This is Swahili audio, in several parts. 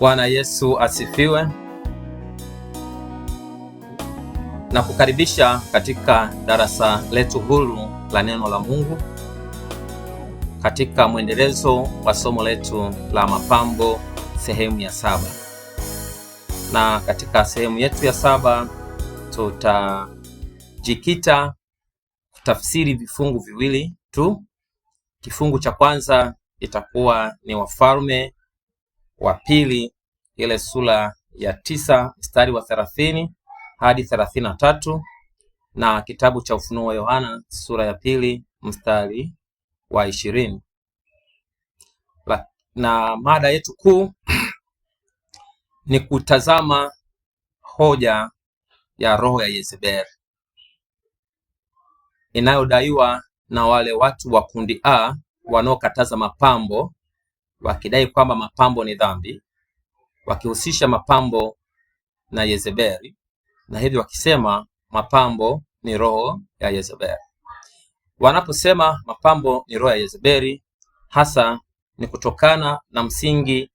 Bwana Yesu asifiwe na kukaribisha katika darasa letu huru la neno la Mungu katika mwendelezo wa somo letu la mapambo sehemu ya saba. Na katika sehemu yetu ya saba tutajikita kutafsiri vifungu viwili tu. Kifungu cha kwanza itakuwa ni Wafalme wa pili ile sura ya tisa mstari wa thelathini hadi thelathini na tatu na kitabu cha Ufunuo wa Yohana sura ya pili mstari wa ishirini na mada yetu kuu ni kutazama hoja ya roho ya Yezebeli inayodaiwa na wale watu wa kundi A wanaokataza mapambo wakidai kwamba mapambo ni dhambi, wakihusisha mapambo na Yezebeli na hivyo wakisema mapambo ni roho ya Yezebeli. Wanaposema mapambo ni roho ya Yezebeli, hasa ni kutokana na msingi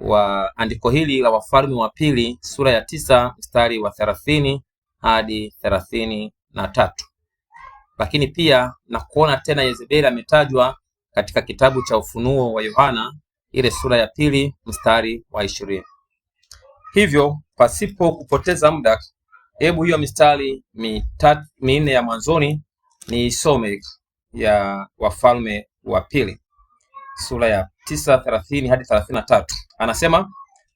wa andiko hili la Wafalme wa Pili sura ya tisa mstari wa thelathini hadi thelathini na tatu lakini pia na kuona tena Yezebeli ametajwa katika kitabu cha Ufunuo wa Yohana ile sura ya pili mstari wa ishirini. Hivyo pasipo kupoteza muda, hebu hiyo mistari mitatu minne ya mwanzoni ni isome ya Wafalme wa Pili sura ya tisa thelathini hadi thelathini na tatu. Anasema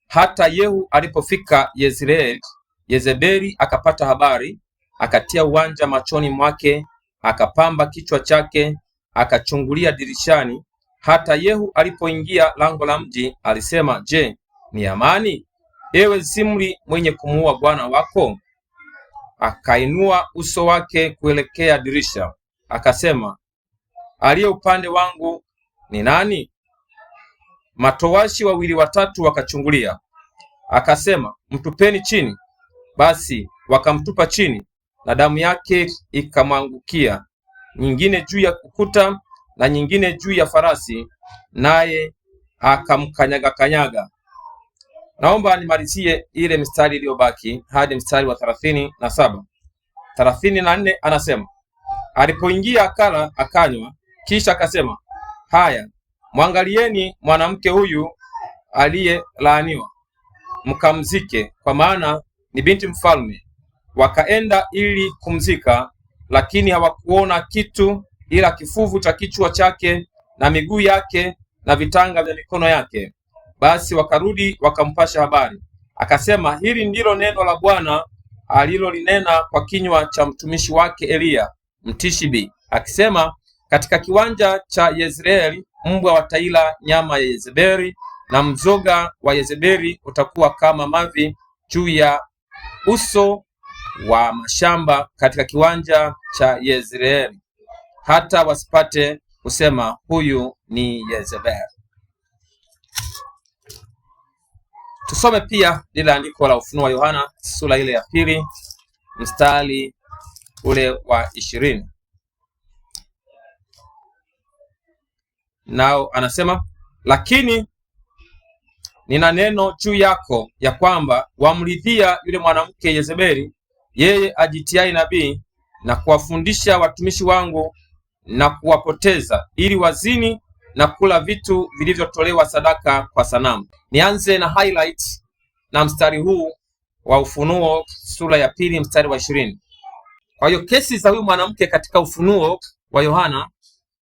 hata Yehu alipofika Yezreel, Yezebeli akapata habari, akatia uwanja machoni mwake, akapamba kichwa chake, akachungulia dirishani hata Yehu alipoingia lango la mji alisema, Je, ni amani, ewe Zimri mwenye kumuua bwana wako? Akainua uso wake kuelekea dirisha akasema, aliye upande wangu ni nani? Matowashi wawili watatu wakachungulia. Akasema, mtupeni chini. Basi wakamtupa chini, na damu yake ikamwangukia, nyingine juu ya ukuta na nyingine juu ya farasi, naye akamkanyaga kanyaga. Naomba nimalizie ile mstari iliyobaki hadi mstari wa thelathini na saba. Thelathini na nne anasema alipoingia akala akanywa, kisha akasema, haya mwangalieni mwanamke huyu aliyelaaniwa, mkamzike, kwa maana ni binti mfalme. Wakaenda ili kumzika, lakini hawakuona kitu ila kifuvu cha kichwa chake na miguu yake na vitanga vya mikono yake. Basi wakarudi wakampasha habari, akasema, hili ndilo neno la Bwana alilolinena kwa kinywa cha mtumishi wake Eliya Mtishibi, akisema, katika kiwanja cha Yezreeli mbwa wataila nyama ya Yezebeli, na mzoga wa Yezebeli utakuwa kama mavi juu ya uso wa mashamba katika kiwanja cha Yezreeli hata wasipate kusema huyu ni Yezebel. Tusome pia lile andiko la Ufunuo wa Yohana sura ile ya pili mstari ule wa ishirini, nao anasema lakini nina neno juu yako ya kwamba wamridhia yule mwanamke Yezebeli, yeye ajitiai nabii na kuwafundisha watumishi wangu na kuwapoteza ili wazini na kula vitu vilivyotolewa sadaka kwa sanamu. Nianze na highlight na mstari huu wa Ufunuo sura ya pili mstari wa ishirini. Kwa hiyo kesi za huyu mwanamke katika ufunuo wa Yohana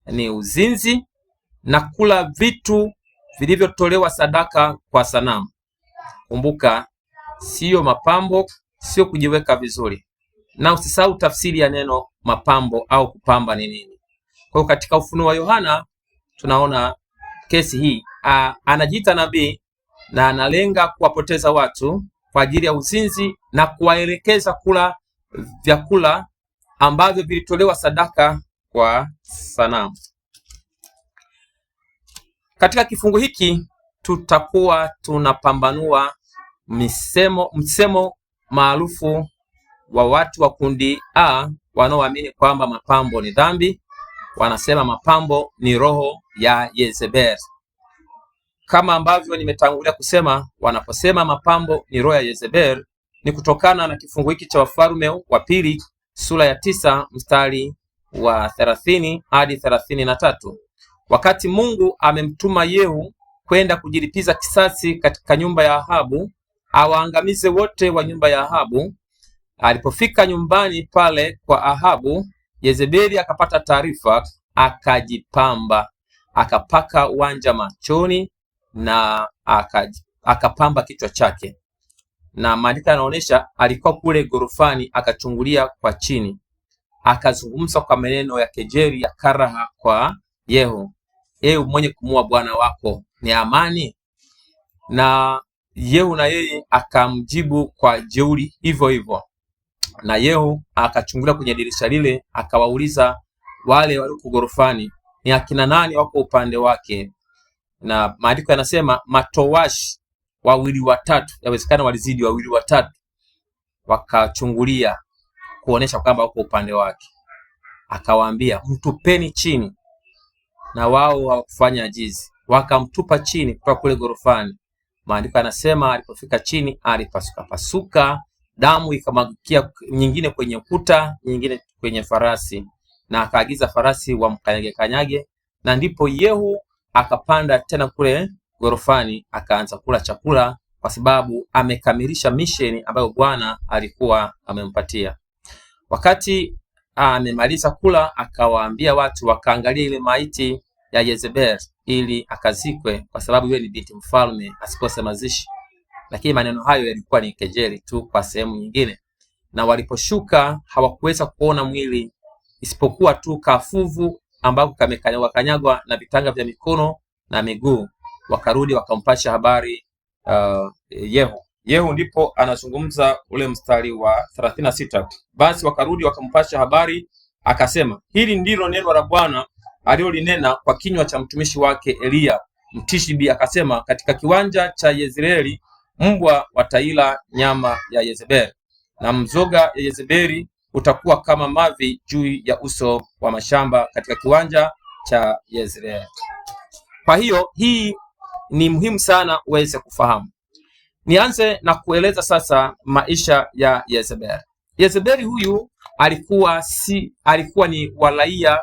ni uzinzi na kula vitu vilivyotolewa sadaka kwa sanamu. Kumbuka, siyo mapambo, sio kujiweka vizuri, na usisahau tafsiri ya neno mapambo au kupamba ni nini. Kwa hiyo katika ufunuo wa Yohana tunaona kesi hii a, anajiita nabii na analenga kuwapoteza watu kwa ajili ya uzinzi na kuwaelekeza kula vyakula ambavyo vilitolewa sadaka kwa sanamu. Katika kifungu hiki tutakuwa tunapambanua misemo msemo maarufu wa watu wa kundi A wanaoamini kwamba mapambo ni dhambi wanasema mapambo ni roho ya Yezebel. Kama ambavyo nimetangulia kusema, wanaposema mapambo ni roho ya Yezebel ni kutokana na kifungu hiki cha Wafalme wa pili sura ya tisa mstari wa thelathini hadi thelathini na tatu wakati Mungu amemtuma Yehu kwenda kujilipiza kisasi katika nyumba ya Ahabu awaangamize wote wa nyumba ya Ahabu. Alipofika nyumbani pale kwa Ahabu, Yezebeli akapata taarifa, akajipamba, akapaka wanja machoni na akaji, akapamba kichwa chake, na maandiko yanaonyesha alikuwa kule gorofani, akachungulia kwa chini, akazungumza kwa maneno ya kejeli ya karaha kwa Yehu, Yehu mwenye kumua bwana wako ni amani? Na Yehu na yeye akamjibu kwa jeuri hivyo hivyo na Yehu akachungulia kwenye dirisha lile, akawauliza wale walioko ghorofani, ni akina nani wako upande wake? Na maandiko yanasema matowashi wawili watatu, yawezekana walizidi wawili watatu, wakachungulia kuonesha kwamba wako upande wake. Akawaambia, mtupeni chini, na wao hawakufanya ajizi, wakamtupa chini kutoka kule ghorofani. Maandiko yanasema alipofika chini alipasuka pasuka damu ikamwagikia nyingine kwenye kuta, nyingine kwenye farasi, na akaagiza farasi wamkanyage kanyage. Na ndipo Yehu akapanda tena kule gorofani akaanza kula chakula, kwa sababu amekamilisha misheni ambayo Bwana alikuwa amempatia. Wakati ah, amemaliza kula, akawaambia watu wakaangalia ile maiti ya Yezebel ili akazikwe, kwa sababu yeye ni binti mfalme, asikose mazishi lakini maneno hayo yalikuwa ni kejeli tu kwa sehemu nyingine, na waliposhuka hawakuweza kuona mwili isipokuwa tu kafuvu ambako kamekanyagwa na vitanga vya mikono na miguu. Wakarudi wakampasha habari uh, Yehu. Yehu ndipo anazungumza ule mstari wa 36. basi wakarudi wakampasha habari, akasema hili ndilo neno la Bwana aliyolinena kwa kinywa cha mtumishi wake Eliya mtishibi, akasema katika kiwanja cha Yezreeli mbwa wataila nyama ya Yezebeli na mzoga ya Yezebeli utakuwa kama mavi juu ya uso wa mashamba katika kiwanja cha yezreel Kwa hiyo hii ni muhimu sana uweze kufahamu. Nianze na kueleza sasa maisha ya Yezebel. Yezebeli huyu alikuwa si, alikuwa ni walaia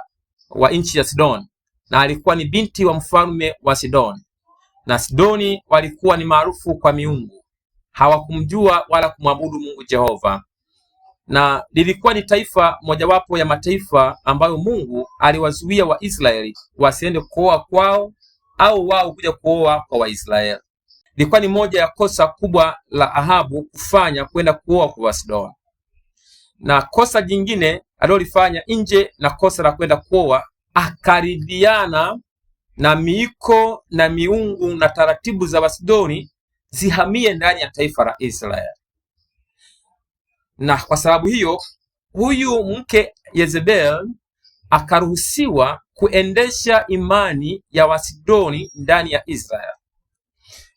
wa nchi ya Sidoni na alikuwa ni binti wa mfalme wa Sidoni na Sidoni walikuwa ni maarufu kwa miungu, hawakumjua wala kumwabudu Mungu Jehova, na lilikuwa ni taifa mojawapo ya mataifa ambayo Mungu aliwazuia Waisraeli wasiende kuoa kwao au wao kuja kuoa kwa Waisraeli. Ilikuwa ni moja ya kosa kubwa la Ahabu kufanya kwenda kuoa kwa Wasidoni, na kosa jingine alilolifanya nje na kosa la kwenda kuoa, akaridhiana na miiko na miungu na taratibu za Wasidoni zihamie ndani ya taifa la Israeli. Na kwa sababu hiyo huyu mke Yezebel akaruhusiwa kuendesha imani ya Wasidoni ndani ya Israeli,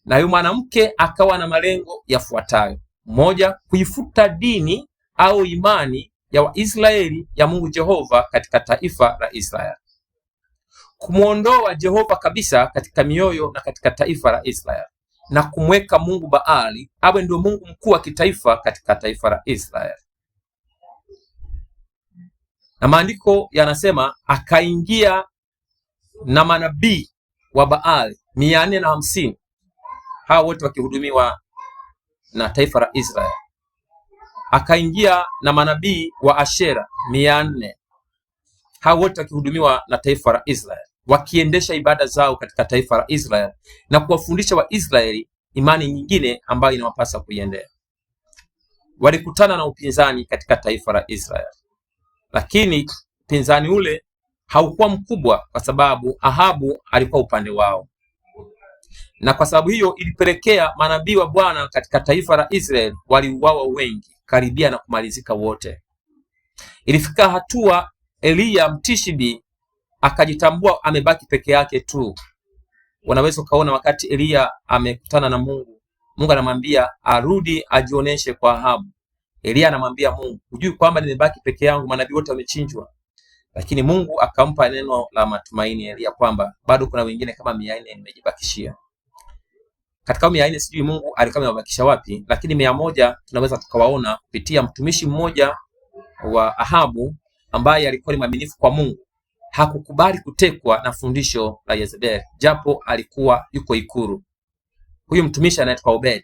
na huyu mwanamke akawa na malengo yafuatayo: moja, kuifuta dini au imani ya Waisraeli ya Mungu Jehova katika taifa la Israeli; kumwondoa Jehova kabisa katika mioyo na katika taifa la Israeli na kumweka Mungu Baali awe ndio Mungu mkuu wa kitaifa katika taifa la Israeli. Na maandiko yanasema akaingia na manabii wa Baali mia nne na hamsini hao wote wakihudumiwa na taifa la Israeli. Akaingia na manabii wa Ashera mia nne hao wote wakihudumiwa na taifa la Israeli wakiendesha ibada zao katika taifa la Israel na kuwafundisha Waisraeli imani nyingine ambayo inawapasa kuiendea. Walikutana na upinzani katika taifa la Israel, lakini upinzani ule haukuwa mkubwa kwa sababu Ahabu alikuwa upande wao, na kwa sababu hiyo ilipelekea manabii wa Bwana katika taifa la israel waliuawa wengi, karibia na kumalizika wote. Ilifika hatua Eliya Mtishibi akajitambua amebaki peke yake tu. Wanaweza ukaona wakati Eliya amekutana na Mungu, Mungu anamwambia arudi ajionyeshe kwa Ahabu. Eliya anamwambia Mungu, hujui kwamba nimebaki peke yangu, manabii wote wamechinjwa? Lakini Mungu akampa neno la matumaini Eliya kwamba bado kuna wengine kama 400 nimejibakishia. Katika mia nne sijui Mungu alikuwa amewabakisha wapi, lakini mia moja tunaweza tukawaona kupitia mtumishi mmoja wa Ahabu ambaye alikuwa ni mwaminifu kwa Mungu hakukubali kutekwa na fundisho la Yezebeli, japo alikuwa yuko ikuru. Huyu mtumishi anaitwa Obed.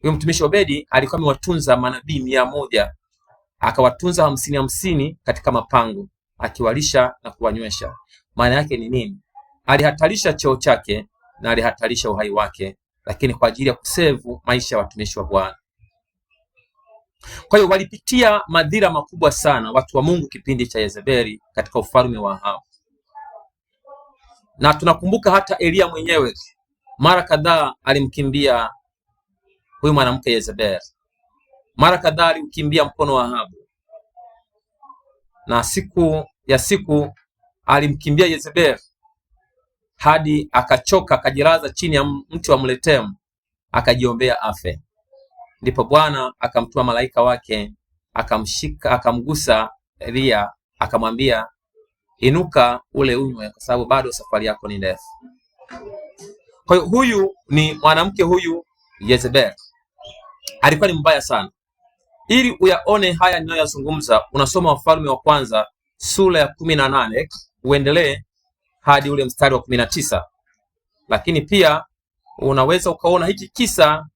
Huyu mtumishi Obedi alikuwa amewatunza manabii mia moja akawatunza hamsini hamsini katika mapango akiwalisha na kuwanywesha. Maana yake ni nini? Alihatarisha cheo chake na alihatarisha uhai wake, lakini kwa ajili ya kusevu maisha ya watumishi wa Bwana. Kwa hiyo walipitia madhira makubwa sana watu wa Mungu kipindi cha Yezebeli katika ufalme wa Ahabu, na tunakumbuka hata Eliya mwenyewe mara kadhaa alimkimbia huyu mwanamke Yezebeli, mara kadhaa alimkimbia mkono wa Ahabu, na siku ya siku alimkimbia Yezebeli hadi akachoka, akajilaza chini ya mti wa mletemu akajiombea afe. Ndipo Bwana akamtuma malaika wake akamshika, akamgusa Eliya akamwambia, inuka ule unywe, kwa sababu bado safari yako ni ndefu. Kwa hiyo huyu ni mwanamke huyu Jezebel alikuwa ni mbaya sana. Ili uyaone haya ninayoyazungumza, unasoma Wafalme wa Kwanza sura ya kumi na nane uendelee hadi ule mstari wa kumi na tisa lakini pia unaweza ukaona hiki kisa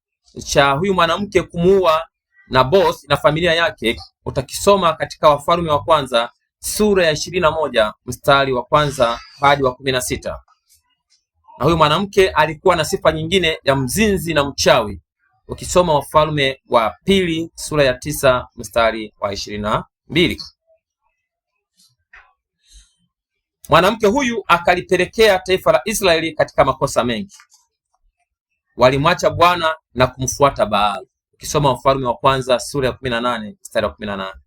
cha huyu mwanamke kumuua boss na familia yake utakisoma katika Wafalme wa Kwanza sura ya ishirini na moja mstari wa kwanza hadi wa kumi na sita. Na huyu mwanamke alikuwa na sifa nyingine ya mzinzi na mchawi, ukisoma Wafalme wa Pili sura ya tisa mstari wa ishirini na mbili. Mwanamke huyu akalipelekea taifa la Israeli katika makosa mengi walimwacha Bwana na kumfuata Baali. Ukisoma Wafalme wa Kwanza sura ya kumi na nane mstari wa kumi na nane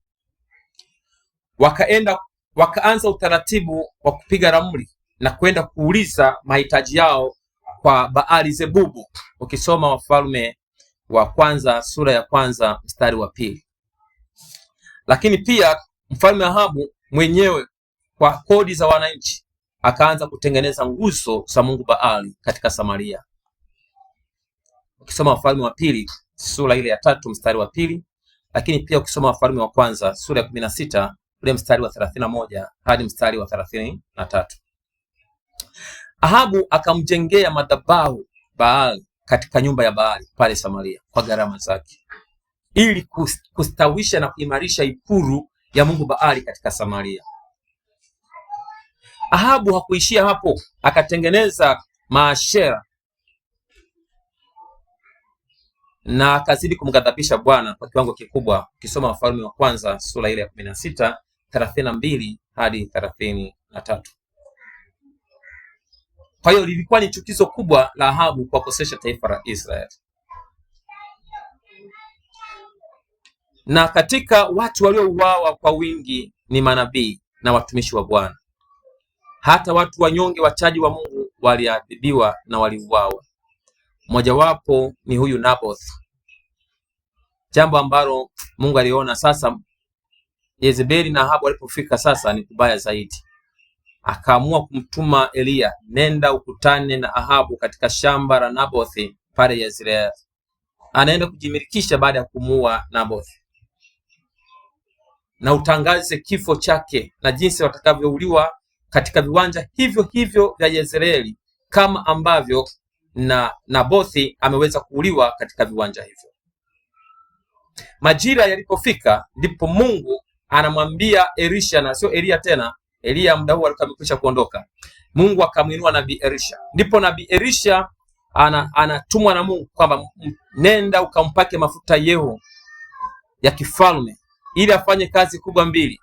wakaenda wakaanza utaratibu wa kupiga ramli na kwenda kuuliza mahitaji yao kwa Baali Zebubu. Ukisoma Wafalme wa Kwanza sura ya kwanza mstari wa pili. Lakini pia mfalme Ahabu mwenyewe kwa kodi za wananchi akaanza kutengeneza nguzo za mungu Baali katika Samaria ukisoma Wafalme wa pili sura ile ya tatu mstari wa pili lakini pia ukisoma Wafalme wa kwanza sura ya kumi na sita ule mstari wa thelathini na moja hadi mstari wa thelathini na tatu Ahabu akamjengea madhabahu Baal katika nyumba ya Baali pale Samaria kwa gharama zake ili kustawisha na kuimarisha ikulu ya Mungu Baali katika Samaria. Ahabu hakuishia hapo, akatengeneza maashera na akazidi kumghadhabisha Bwana kwa kiwango kikubwa. Ukisoma Wafalme wa Kwanza sura ile ya kumi na sita thelathini na mbili hadi thelathini na tatu. Kwa hiyo lilikuwa ni chukizo kubwa la Ahabu kuwakosesha taifa la israel Na katika watu waliouawa kwa wingi ni manabii na watumishi wa Bwana. Hata watu wanyonge wachaji wa Mungu waliadhibiwa na waliuawa. Mojawapo ni huyu Naboth, jambo ambalo Mungu aliona sasa Yezebeli na Ahabu walipofika sasa ni kubaya zaidi, akaamua kumtuma Eliya, nenda ukutane na Ahabu katika shamba la Nabothi pale Yezreeli. Anaenda kujimilikisha baada ya kumuua Nabothi, na utangaze kifo chake na jinsi watakavyouliwa katika viwanja hivyo hivyo vya Yezreeli kama ambavyo na na Nabothi ameweza kuuliwa katika viwanja hivyo. Majira yalipofika ndipo Mungu anamwambia Elisha na sio Elia tena. Elia muda huo alikuwa amekwisha kuondoka. Mungu akamwinua nabii Elisha, ndipo nabii Elisha ana, anatumwa na Mungu kwamba nenda ukampake mafuta Yehu ya kifalme ili afanye kazi kubwa mbili,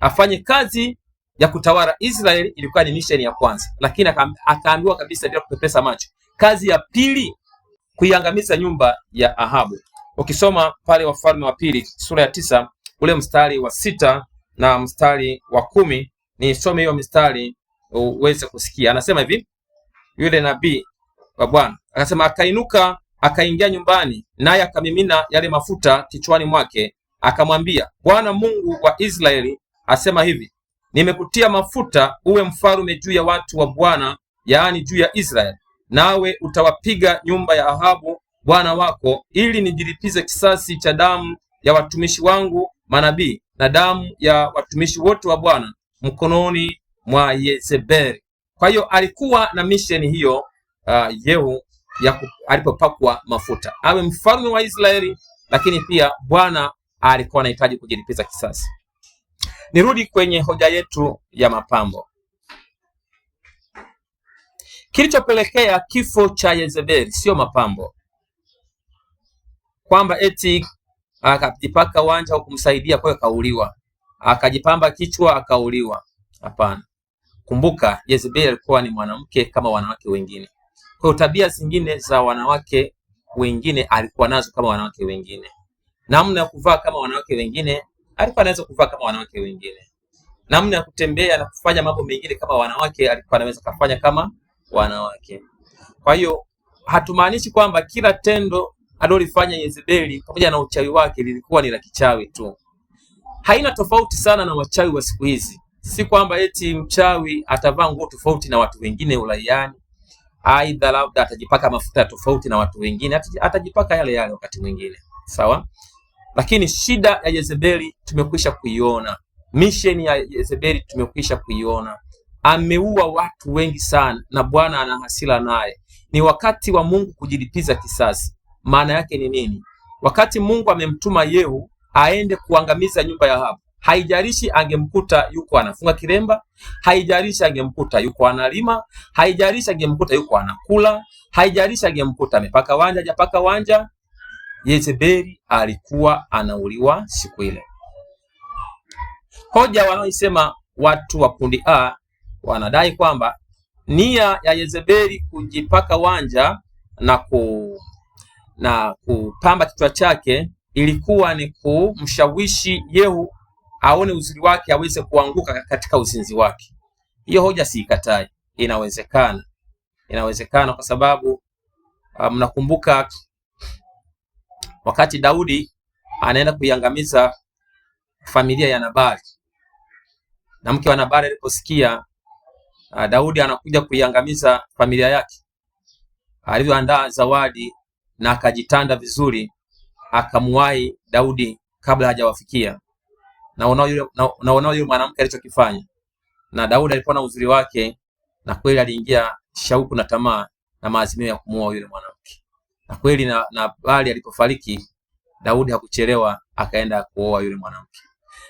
afanye kazi ya kutawala Israeli. Ilikuwa ni misheni ya kwanza, lakini akaambiwa kabisa bila kupepesa macho Kazi ya pili kuiangamiza nyumba ya Ahabu. Ukisoma pale Wafalme wa Pili sura ya tisa ule mstari wa sita na mstari wa kumi nisome hiyo mstari uweze kusikia. Anasema hivi yule nabii wa Bwana akasema, akainuka akaingia nyumbani, naye akamimina yale mafuta kichwani mwake, akamwambia, Bwana Mungu wa Israeli asema hivi, nimekutia mafuta uwe mfalme juu ya watu wa Bwana, yaani juu ya Israeli nawe utawapiga nyumba ya Ahabu bwana wako, ili nijilipize kisasi cha damu ya watumishi wangu manabii na damu ya watumishi wote wa Bwana mkononi mwa Yezebeli. Kwa hiyo alikuwa na misheni hiyo uh, Yehu ya alipopakwa mafuta awe mfalme wa Israeli, lakini pia Bwana alikuwa anahitaji kujilipiza kisasi. Nirudi kwenye hoja yetu ya mapambo kilichopelekea kifo cha Yezebeli sio mapambo, kwamba eti ah, akajipaka wanja kumsaidia kwa kauliwa, akajipamba kichwa akauliwa. Hapana, kumbuka Yezebeli alikuwa ni mwanamke kama wanawake wengine, kwa tabia zingine za wanawake wengine alikuwa nazo kama wanawake wengine, namna ya kuvaa kama wanawake wengine alikuwa anaweza kuvaa kama wanawake wengine, namna ya kutembea na kufanya mambo mengine kama wanawake alikuwa anaweza kufanya kama wanawake. Kwa hiyo hatumaanishi kwamba kila tendo alilofanya Yezebeli pamoja na uchawi wake lilikuwa ni la kichawi tu. Haina tofauti sana na wachawi wa siku hizi, si kwamba eti mchawi atavaa nguo tofauti na watu wengine uraiani, aidha labda atajipaka mafuta tofauti na watu wengine, atajipaka yale yale wakati mwingine, sawa. Lakini shida ya Yezebeli tumekwisha kuiona, misheni ya Yezebeli tumekwisha kuiona ameua watu wengi sana, na Bwana ana hasira naye. Ni wakati wa Mungu kujilipiza kisasi. Maana yake ni nini? Wakati Mungu amemtuma Yehu aende kuangamiza nyumba ya Ahabu, haijarishi angemkuta yuko anafunga kilemba, haijarishi angemkuta yuko analima, haijarishi angemkuta yuko anakula, haijarishi angemkuta amepaka wanja hajapaka wanja, Yezebeli alikuwa anauliwa siku ile. Hoja wanaoisema watu wa kundi A wanadai kwamba nia ya Yezebeli kujipaka wanja na ku na kupamba kichwa chake ilikuwa ni kumshawishi Yehu aone uzuri wake aweze kuanguka katika uzinzi wake. Hiyo hoja siikatai, inawezekana, inawezekana kwa sababu ah, mnakumbuka um, wakati Daudi anaenda kuiangamiza familia ya Nabali na mke wa Nabali aliposikia Ah, Daudi anakuja kuiangamiza familia yake. Alivyoandaa zawadi na akajitanda vizuri, akamwahi Daudi kabla hajawafikia, na unao yule na unaona yule mwanamke alichokifanya. Na Daudi alikuwa na uzuri wake, na kweli aliingia shauku na tamaa na maazimio ya kumuoa yule mwanamke, na kweli na, na bali alipofariki Daudi hakuchelewa akaenda kuoa yule mwanamke.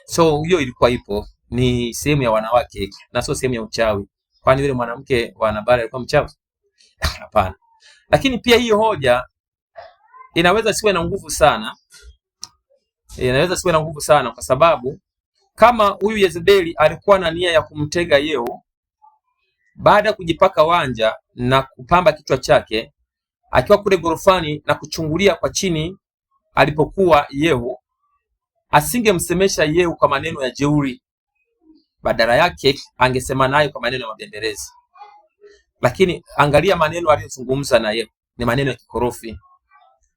So hiyo ilikuwa ipo, ni sehemu ya wanawake na sio sehemu ya uchawi. Kwani yule mwanamke wa habari alikuwa mchafu? Hapana. Lakini pia hiyo hoja inaweza siwe na nguvu sana, inaweza siwe na nguvu sana kwa sababu kama huyu Yezebeli alikuwa na nia ya kumtega Yehu, baada ya kujipaka wanja na kupamba kichwa chake akiwa kule gorofani na kuchungulia kwa chini alipokuwa Yehu, asingemsemesha Yehu kwa maneno ya jeuri, badala yake angesema nayo kwa maneno ya mabenderezi. Lakini angalia maneno aliyozungumza naye ni maneno ya kikorofi.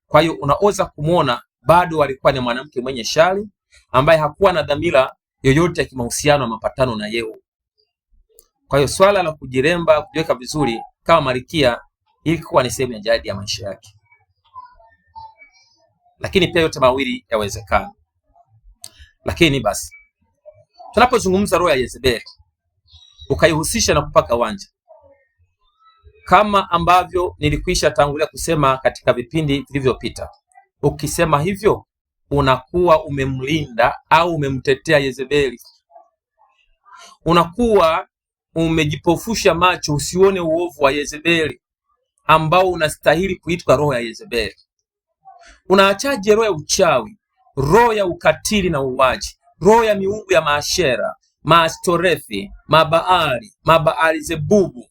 Kwa hiyo unaweza kumwona bado alikuwa ni mwanamke mwenye shari ambaye hakuwa na dhamira yoyote ya kimahusiano ya mapatano na Yehu. Kwa hiyo swala la kujiremba, kujiweka vizuri kama Malkia ilikuwa ni sehemu ya jadi ya maisha yake, lakini pia yote mawili yawezekana. Lakini basi tunapozungumza roho ya Yezebeli ukaihusisha na kupaka wanja, kama ambavyo nilikwisha tangulia kusema katika vipindi vilivyopita, ukisema hivyo unakuwa umemlinda au umemtetea Yezebeli, unakuwa umejipofusha macho usione uovu wa Yezebeli ambao unastahili kuitwa roho ya Yezebeli. Unaachaje roho ya uchawi, roho ya ukatili na uuaji roho ya miungu ya maashera, maastorethi, mabaali, mabaali zebubu,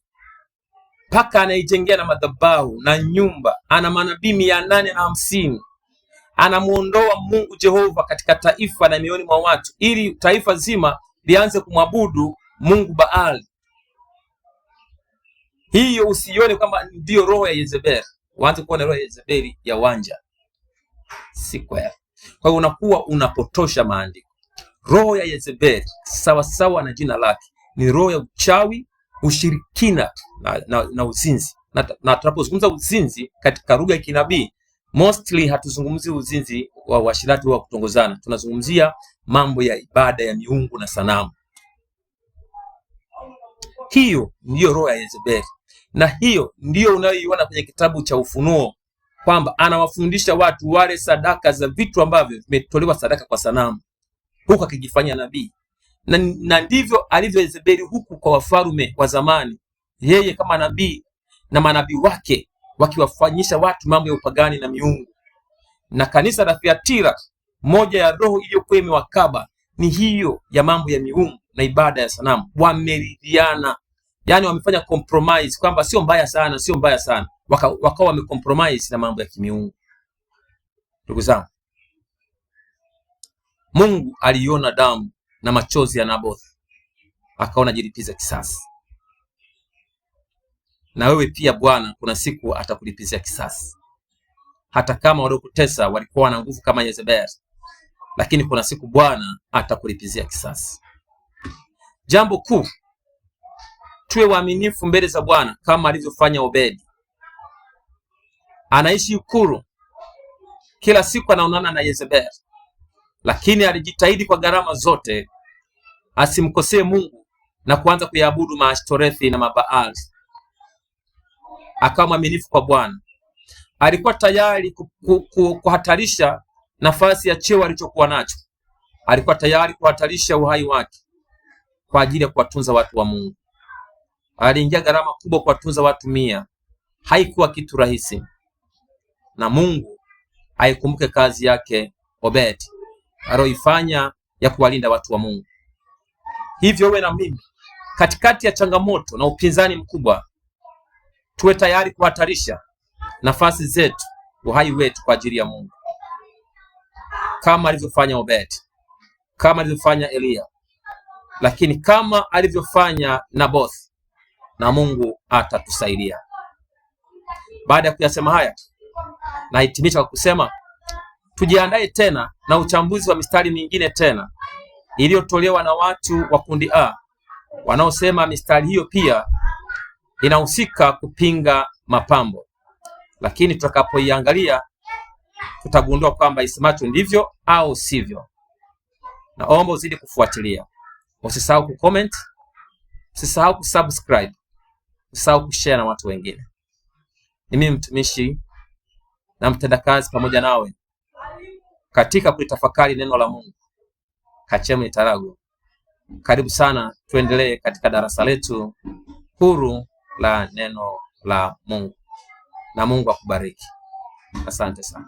mpaka anaijengea na madhabahu na nyumba. Ana manabii mia nane na hamsini. Anamuondoa Mungu Jehova katika taifa na mioyoni mwa watu, ili taifa zima lianze kumwabudu Mungu Baali. Hiyo usione kwamba ndiyo roho ya Yezebeli, waanze kuona roho ya Yezebeli ya wanja si kweli. Kwa hiyo unakuwa unapotosha maandiko roho ya Yezebeli sawasawa na jina lake ni roho ya uchawi, ushirikina na, na, na uzinzi. Na, na tunapozungumza uzinzi katika lugha ya kinabii mostly hatuzungumzi uzinzi wa washirati wa kutongozana, tunazungumzia mambo ya ibada ya miungu na sanamu. Hiyo ndiyo roho ya Yezebel, na hiyo ndiyo unayoiona kwenye kitabu cha Ufunuo kwamba anawafundisha watu wale sadaka za vitu ambavyo vimetolewa sadaka kwa sanamu huku akijifanya nabii na, na ndivyo alivyo Yezebeli huku kwa wafarume wa zamani, yeye kama nabii na manabii wake wakiwafanyisha watu mambo ya upagani na miungu. Na kanisa la Thiatira, moja ya roho iliyokuwa imewakaba ni hiyo ya mambo ya miungu na ibada ya sanamu. Wameridhiana, yani wamefanya compromise kwamba sio mbaya sana, sio mbaya sana, wakawa waka na mambo ya kimiungu. Ndugu zangu, Mungu aliona damu na machozi ya naboth akaona jilipiza kisasi. Na wewe pia Bwana kuna siku atakulipizia kisasi, hata kama waliokutesa walikuwa na nguvu kama Yezebeli, lakini kuna siku Bwana atakulipizia kisasi. Jambo kuu, tuwe waaminifu mbele za Bwana kama alivyofanya Obedi. Anaishi Ukuru, kila siku anaonana na Yezebeli lakini alijitahidi kwa gharama zote asimkosee Mungu na kuanza kuyaabudu maashtorethi na mabaaz Akawa mwaminifu kwa Bwana. Alikuwa tayari kuhatarisha nafasi ya cheo alichokuwa nacho, alikuwa tayari kuhatarisha uhai wake kwa ajili ya kuwatunza watu wa Mungu. Aliingia gharama kubwa kuwatunza watu mia. Haikuwa kitu rahisi, na Mungu aikumbuke kazi yake Obedi aliyoifanya ya kuwalinda watu wa Mungu. Hivyo wewe na mimi, katikati ya changamoto na upinzani mkubwa, tuwe tayari kuhatarisha nafasi zetu, uhai wetu kwa ajili ya Mungu, kama alivyofanya Obedi, kama alivyofanya Eliya, lakini kama alivyofanya naboth na Mungu atatusaidia. Baada ya kuyasema haya, nahitimisha kwa kusema Tujiandae tena na uchambuzi wa mistari mingine tena iliyotolewa na watu wa kundi A wanaosema mistari hiyo pia inahusika kupinga mapambo, lakini tutakapoiangalia tutagundua kwamba isemacho ndivyo au sivyo. Naomba uzidi kufuatilia, usisahau kucomment, usisahau kusubscribe, usisahau kushare na watu wengine. Ni mimi mtumishi na mtendakazi pamoja nawe katika kulitafakari neno la Mungu. Kacheme Tarago, karibu sana, tuendelee katika darasa letu huru la neno la Mungu, na Mungu akubariki. Asante sana.